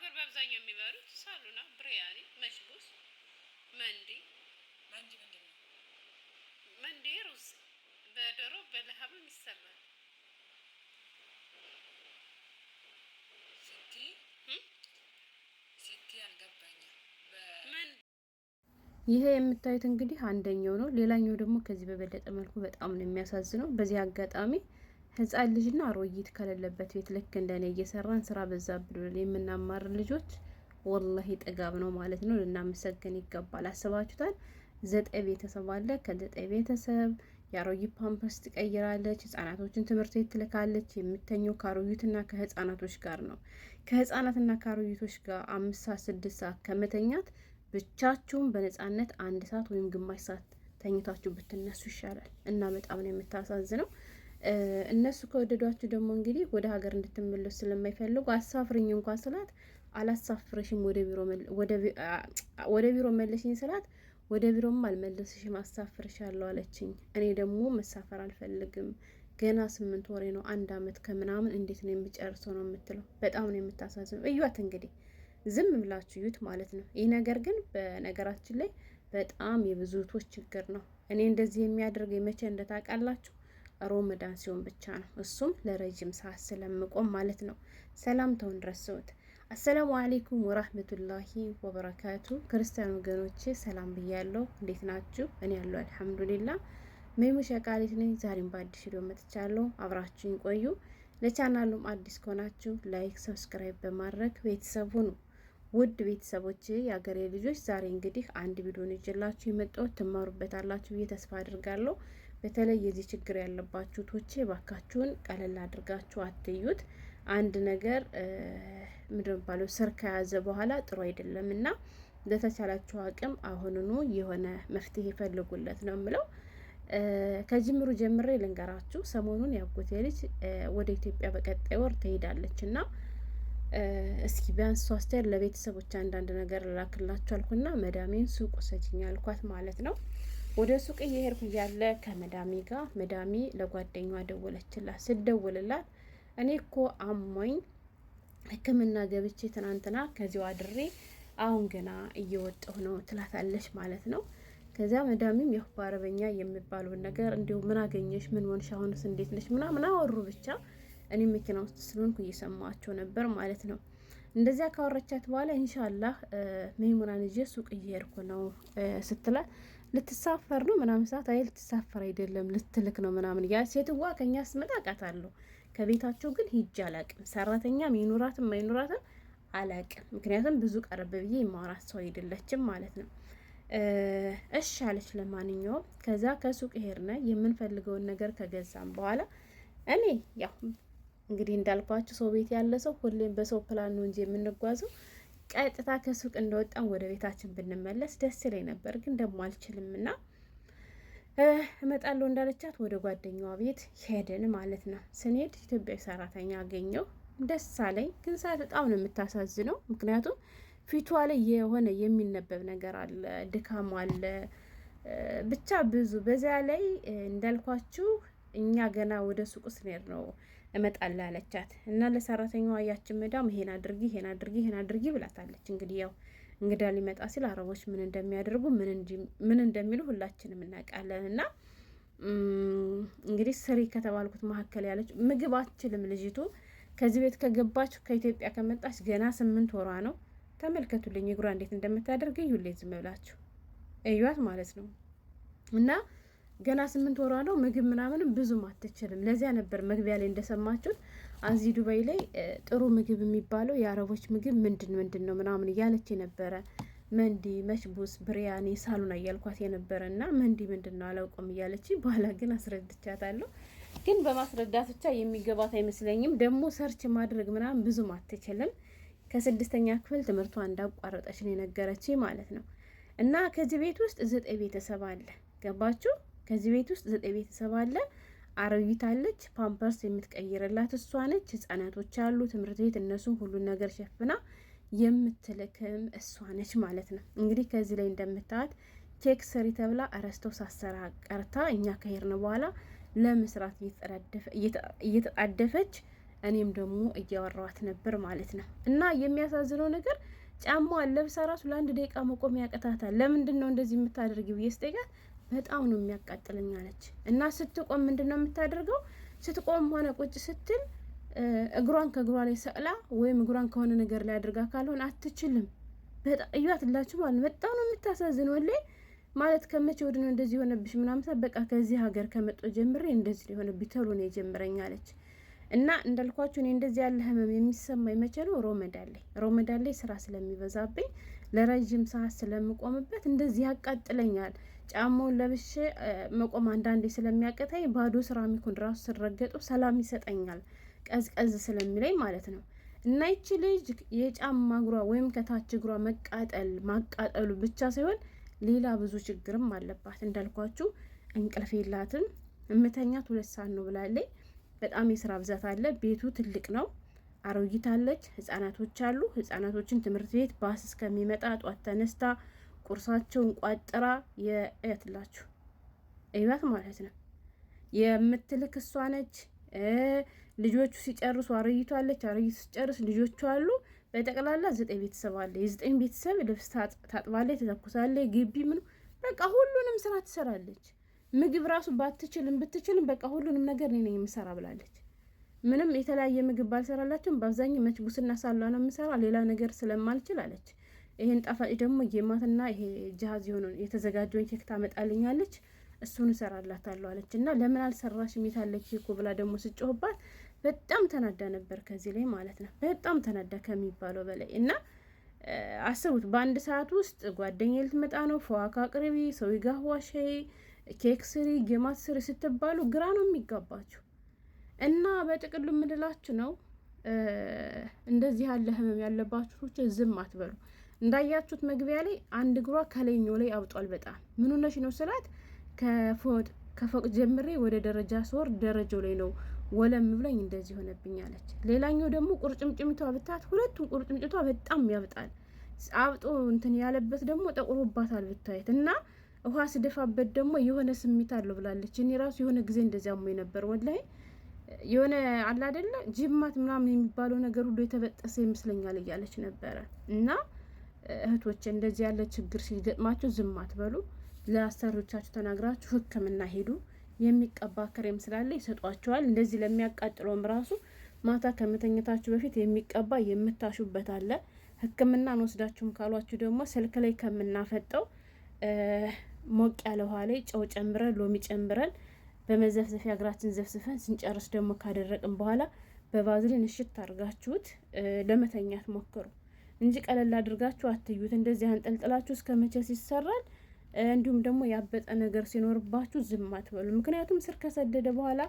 ሀገር በአብዛኛው የሚበሉት ሳሉና፣ ብሪያኒ፣ መሽቡስ፣ መንዲ መንዲ ምንድን ነው? መንዲ ሩዝ በዶሮ ይሰራል። ስቲ ስቲ አልገባኝም። ይሄ የምታዩት እንግዲህ አንደኛው ነው። ሌላኛው ደግሞ ከዚህ በበለጠ መልኩ በጣም ነው የሚያሳዝነው። በዚህ አጋጣሚ ህፃን ልጅና አሮጊት ከሌለበት ቤት ልክ እንደኔ እየሰራን ስራ በዛ ብሎን የምናማር ልጆች ወላሂ ጥጋብ ነው ማለት ነው። ልናመሰግን ይገባል። አስባችሁታል? ዘጠኝ ቤተሰብ አለ። ከዘጠኝ ቤተሰብ የአሮጊት ፓምፐስ ትቀይራለች፣ ህጻናቶችን ትምህርት ቤት ትልካለች። የምተኘው ከአሮጊትና ከህጻናቶች ጋር ነው። ከህጻናትና ከአሮጊቶች ጋር አምስት ሰዓት ስድስት ሰዓት ከመተኛት ብቻችሁን በነጻነት አንድ ሰዓት ወይም ግማሽ ሰዓት ተኝታችሁ ብትነሱ ይሻላል እና በጣም ነው የምታሳዝነው። እነሱ ከወደዷችሁ ደግሞ እንግዲህ ወደ ሀገር እንድትመለሱ ስለማይፈልጉ አሳፍርኝ እንኳ ስላት አላሳፍርሽም፣ ወደ ቢሮ መለሽኝ ስላት ወደ ቢሮም አልመለስሽም አሳፍርሻለሁ አለችኝ። እኔ ደግሞ መሳፈር አልፈልግም፣ ገና ስምንት ወሬ ነው አንድ አመት ከምናምን እንዴት ነው የምጨርሰው ነው የምትለው። በጣም ነው የምታሳዝነው። እዩት እንግዲህ ዝም ብላችሁ እዩት ማለት ነው። ይህ ነገር ግን በነገራችን ላይ በጣም የብዙቶች ችግር ነው። እኔ እንደዚህ የሚያደርገኝ መቼ እንደታውቃላችሁ መዳን ሲሆን ብቻ ነው። እሱም ለረጅም ሰዓት ስለምቆም ማለት ነው። ሰላም ተውን ድረሰውት አሰላሙ አሌይኩም ወራህመቱላሂ ወበረካቱ። ክርስቲያን ወገኖቼ ሰላም ብያለሁ። እንዴት ናችሁ? እኔ ያለሁ አልሐምዱሊላ። መይሙሽ ቃሊት ነኝ። ዛሬም በአዲስ ቪዲዮ መጥቻለሁ። አብራችሁኝ ቆዩ። ለቻናሉም አዲስ ከሆናችሁ ላይክ፣ ሰብስክራይብ በማድረግ ቤተሰብ ሁኑ። ውድ ቤተሰቦች የአገሬ ልጆች ዛሬ እንግዲህ አንድ ቪዲዮ ይዤላችሁ የመጣሁት ትማሩበታላችሁ ብዬ ተስፋ አድርጋለሁ። በተለይ የዚህ ችግር ያለባችሁ ቶቼ ባካችሁን ቀለል አድርጋችሁ አትዩት። አንድ ነገር ምንድን ነው የሚባለው ስር ከያዘ በኋላ ጥሩ አይደለም እና ለተቻላችሁ አቅም አሁኑኑ የሆነ መፍትሄ ፈልጉለት ነው የምለው። ከጅምሩ ጀምሬ ልንገራችሁ። ሰሞኑን ያጎቴ ልጅ ወደ ኢትዮጵያ በቀጣይ ወር ትሄዳለች እና እስኪ ቢያንስ ሶስተር ለቤተሰቦች አንዳንድ ነገር ላክላችሁ አልኩና መዳሜን ሱቅ ውሰጂኝ አልኳት ማለት ነው። ወደ ሱቅ እየሄድኩ እያለ ከመዳሜ ጋር መዳሜ ለጓደኛዋ ደወለችላት። ስደውልላት እኔ እኮ አሞኝ ሕክምና ገብቼ ትናንትና ከዚው አድሬ አሁን ገና እየወጣሁ ነው ትላታለች ማለት ነው። ከዚያ መዳሚም ያው በአረበኛ የሚባለውን ነገር እንዲሁ ምን አገኘሽ፣ ምን ሆንሽ፣ አሁንስ እንዴት ነች ምናምን አወሩ። ብቻ እኔ መኪና ውስጥ ስለሆንኩ እየሰማቸው ነበር ማለት ነው። እንደዚያ ካወረቻት በኋላ ኢንሻላህ መይሙናን ይዤ ሱቅ እየሄድኩ ነው ስትላት ልትሳፈር ነው ምናምን ሰዓት አይ ልትሳፈር አይደለም ልትልክ ነው ምናምን ያ ሴትዋ ከኛ ስመጣ አውቃታለሁ። ከቤታቸው ግን ሂጅ አላቅም። ሰራተኛም ይኑራትም አይኑራትም አላቅም። ምክንያቱም ብዙ ቀረብ ብዬ የማውራት ሰው አይደለችም ማለት ነው። እሺ አለች። ለማንኛውም ከዛ ከሱቅ ሄድን። የምንፈልገውን ነገር ከገዛም በኋላ እኔ ያው እንግዲህ እንዳልኳቸው ሰው ቤት ያለ ሰው ሁሌም በሰው ፕላን ነው እንጂ የምንጓዘው ቀጥታ ከሱቅ እንደወጣን ወደ ቤታችን ብንመለስ ደስ ይለኝ ነበር፣ ግን ደግሞ አልችልም እና እመጣለሁ እንዳለቻት ወደ ጓደኛዋ ቤት ሄድን ማለት ነው። ስንሄድ ኢትዮጵያዊ ሰራተኛ አገኘው፣ ደስ አለኝ። ግን ሰዓት በጣም ነው የምታሳዝነው፣ ምክንያቱም ፊቷ ላይ የሆነ የሚነበብ ነገር አለ፣ ድካም አለ፣ ብቻ ብዙ። በዚያ ላይ እንዳልኳችሁ እኛ ገና ወደ ሱቅ ስንሄድ ነው እመጣለ አለቻት እና ለሰራተኛዋ ያችን መዳም ይሄን አድርጊ ይሄን አድርጊ ይሄን አድርጊ ብላታለች። እንግዲህ ያው እንግዳ ሊመጣ ሲል አረቦች ምን እንደሚያደርጉ ምን እንደሚሉ ሁላችንም እናውቃለን። እና እንግዲህ ስሪ ከተባልኩት መካከል ያለች ምግብ አችልም ልጅቱ ከዚህ ቤት ከገባች ከኢትዮጵያ ከመጣች ገና ስምንት ወሯ ነው። ተመልከቱልኝ እግሯ እንዴት እንደምታደርግ እዩልኝ፣ ዝም ብላችሁ እዩዋት ማለት ነው እና ገና ስምንት ወር ነው። ምግብ ምናምንም ብዙም አትችልም። ለዚያ ነበር መግቢያ ላይ እንደሰማችሁት አዚህ ዱባይ ላይ ጥሩ ምግብ የሚባለው የአረቦች ምግብ ምንድን ምንድን ነው ምናምን እያለች የነበረ መንዲ፣ መሽቡስ ብሪያኒ፣ ሳሉና እያልኳት የነበረ እና መንዲ ምንድን ነው አላውቅም እያለች በኋላ ግን አስረድቻታለሁ። ግን በማስረዳት ብቻ የሚገባት አይመስለኝም። ደግሞ ሰርች ማድረግ ምናምን ብዙም አትችልም። ከስድስተኛ ክፍል ትምህርቷ እንዳቋረጠች ነው የነገረች ማለት ነው። እና ከዚህ ቤት ውስጥ ዘጠኝ ቤተሰብ አለ። ገባችሁ? ከዚህ ቤት ውስጥ ዘጠኝ ቤተሰብ አለ። አሮጊት አለች፣ ፓምፐርስ የምትቀይርላት እሷ ነች። ህጻናቶች አሉ፣ ትምህርት ቤት፣ እነሱ ሁሉን ነገር ሸፍና የምትልክም እሷ ነች ማለት ነው። እንግዲህ ከዚህ ላይ እንደምታዩት ኬክ ስሪ ተብላ እረስተው ሳሰራ ቀርታ እኛ ከሄድን በኋላ ለመስራት እየተጣደፈች እኔም ደግሞ እያወራዋት ነበር ማለት ነው። እና የሚያሳዝነው ነገር ጫማዋን ለብሳ ራሱ ለአንድ ደቂቃ መቆም ያቅታታል። ለምንድን ነው እንደዚህ የምታደርጊ ብዬ ስጠይቃት በጣም ነው የሚያቃጥለኝ አለች። እና ስትቆም ምንድን ነው የምታደርገው? ስትቆም ሆነ ቁጭ ስትል እግሯን ከእግሯ ላይ ሰቅላ ወይም እግሯን ከሆነ ነገር ላይ አድርጋ ካልሆን አትችልም። በጣም እያትላችሁ ማለት በጣም ነው የምታሳዝን። ወላሂ ማለት ከመቼ ወዲህ ነው እንደዚህ የሆነብሽ ምናምሳ በቃ ከዚህ ሀገር ከመጣሁ ጀምሬ እንደዚህ ሊሆነብኝ ተሎ ነው የጀመረኝ አለች። እና እንዳልኳችሁ እኔ እንደዚህ ያለ ህመም የሚሰማኝ መቼ ነው? ሮመዳን ላይ ሮመዳን ላይ ስራ ስለሚበዛብኝ ለረዥም ሰዓት ስለምቆምበት እንደዚህ ያቃጥለኛል። ጫማውን ለብሼ መቆም አንዳንዴ ስለሚያቅተኝ ባዶ ሴራሚኩን ራሱ ስረገጡ ሰላም ይሰጠኛል፣ ቀዝቀዝ ስለሚለኝ ማለት ነው። እና ይቺ ልጅ የጫማ እግሯ ወይም ከታች እግሯ መቃጠል ማቃጠሉ ብቻ ሳይሆን ሌላ ብዙ ችግርም አለባት። እንዳልኳችሁ እንቅልፍ የላትም። እምተኛት ሁለት ሰዓት ነው ብላለች። በጣም የስራ ብዛት አለ። ቤቱ ትልቅ ነው። አሮጊታለች ህጻናቶች አሉ። ህጻናቶችን ትምህርት ቤት ባስ እስከሚመጣ ጧት ተነስታ ቁርሳቸውን ቋጥራ የእትላችሁ እዩት ማለት ነው የምትልክ እሷ ነች። ልጆቹ ሲጨርሱ አረይቷ አለች። አረይቱ ሲጨርስ ልጆቹ አሉ። በጠቅላላ ዘጠኝ ቤተሰብ አለ። የዘጠኝ ቤተሰብ ልብስ ታጥባለች፣ ተተኩሳለች፣ ግቢ ምን በቃ ሁሉንም ስራ ትሰራለች። ምግብ ራሱ ባትችልም ብትችልም በቃ ሁሉንም ነገር እኔ ነኝ የምሰራ ብላለች። ምንም የተለያየ ምግብ ባልሰራላቸውም በአብዛኛው መችቡስና ሳላ ነው የምሰራ ሌላ ነገር ስለማልችል አለች። ይሄን ጣፋጭ ደግሞ ጌማትና ይሄ ጃሃዝ የሆነ የተዘጋጀውን ኬክ ታመጣልኛለች፣ እሱን እሰራላታለሁ አለች እና ለምን አልሰራሽም የታለ ኬኩ ብላ ደግሞ ስጮህባት በጣም ተናዳ ነበር። ከዚህ ላይ ማለት ነው በጣም ተናዳ ከሚባለው በላይ እና አስቡት በአንድ ሰዓት ውስጥ ጓደኛ ልትመጣ ነው፣ ፈዋካ አቅርቢ፣ ሰው ይጋዋሻይ፣ ኬክ ስሪ፣ ጌማት ስሪ ስትባሉ ግራ ነው የሚጋባችሁ። እና በጥቅሉ የምንላችሁ ነው እንደዚህ ያለ ህመም ያለባችሁ ዝም አትበሉ። እንዳያችሁት መግቢያ ላይ አንድ እግሯ ከላይኛው ላይ አብጧል። በጣም ምን ሆነሽ ነው ስላት ከፎቅ ከፎቅ ጀምሬ ወደ ደረጃ ስወርድ ደረጃው ላይ ነው ወለም ብለኝ እንደዚህ ሆነብኝ አለች። ሌላኛው ደግሞ ቁርጭምጭሚቷ ብታት፣ ሁለቱም ቁርጭምጭቷ በጣም ያብጣል። አብጦ እንትን ያለበት ደግሞ ጠቁሮባታል ብታየት እና ውሃ ስደፋበት ደግሞ የሆነ ስሜት አለው ብላለች። እኔ ራሱ የሆነ ጊዜ እንደዚህ ሞ ነበር ወላይ የሆነ አላደለ ጅማት ምናምን የሚባለው ነገር ሁሉ የተበጠሰ ይመስለኛል እያለች ነበረ እና እህቶች እንደዚህ ያለ ችግር ሲገጥማችሁ ዝም አትበሉ። ለአሰሪዎቻችሁ ተናግራችሁ ሕክምና ሄዱ። የሚቀባ ክሬም ስላለ ይሰጧቸዋል። እንደዚህ ለሚያቃጥለውም ራሱ ማታ ከመተኘታችሁ በፊት የሚቀባ የምታሹበት አለ። ሕክምና አንወስዳችሁም ካሏችሁ ደግሞ ስልክ ላይ ከምናፈጠው ሞቅ ያለ ውሃ ላይ ጨው ጨምረን ሎሚ ጨምረን በመዘፍዘፊያ እግራችን ዘፍዝፈን ስንጨርስ ደግሞ ካደረቅን በኋላ በቫዝሊን እሽት አድርጋችሁት ለመተኛት ሞክሩ። እንጂ ቀለል አድርጋችሁ አትዩት። እንደዚህ አንጠልጥላችሁ እስከ መቼ ሲሰራል። እንዲሁም ደግሞ ያበጠ ነገር ሲኖርባችሁ ዝም አትበሉ። ምክንያቱም ስር ከሰደደ በኋላ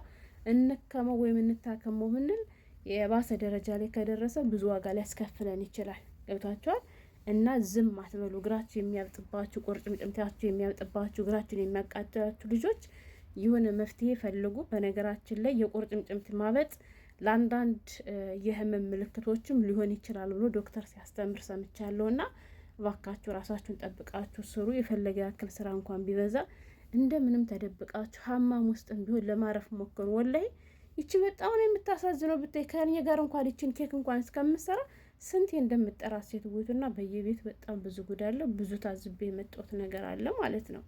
እንከመው ወይም እንታከመው ብንል የባሰ ደረጃ ላይ ከደረሰ ብዙ ዋጋ ሊያስከፍለን ይችላል። ገብቷችኋል? እና ዝም አትበሉ። እግራችሁ የሚያብጥባችሁ፣ ቁርጭምጭምታችሁ የሚያብጥባችሁ፣ እግራችሁን የሚያቃጥላችሁ ልጆች የሆነ መፍትሄ ፈልጉ። በነገራችን ላይ የቁርጭምጭምት ማበጥ ለአንዳንድ የህመም ምልክቶችም ሊሆን ይችላል ብሎ ዶክተር ሲያስተምር ሰምቻለሁ። እና እባካችሁ ራሳችሁን ጠብቃችሁ ስሩ። የፈለገ ያክል ስራ እንኳን ቢበዛ እንደምንም ተደብቃችሁ ሀማም ውስጥም ቢሆን ለማረፍ ሞክሩ። ወላይ ይቺ በጣም ነው የምታሳዝነው። ብታይ ከእኔ ጋር እንኳን ይችን ኬክ እንኳን እስከምሰራ ስንቴ እንደምጠራ ሴት ቦትና በየቤት በጣም ብዙ ጉድ አለ። ብዙ ታዝቤ የመጣሁት ነገር አለ ማለት ነው።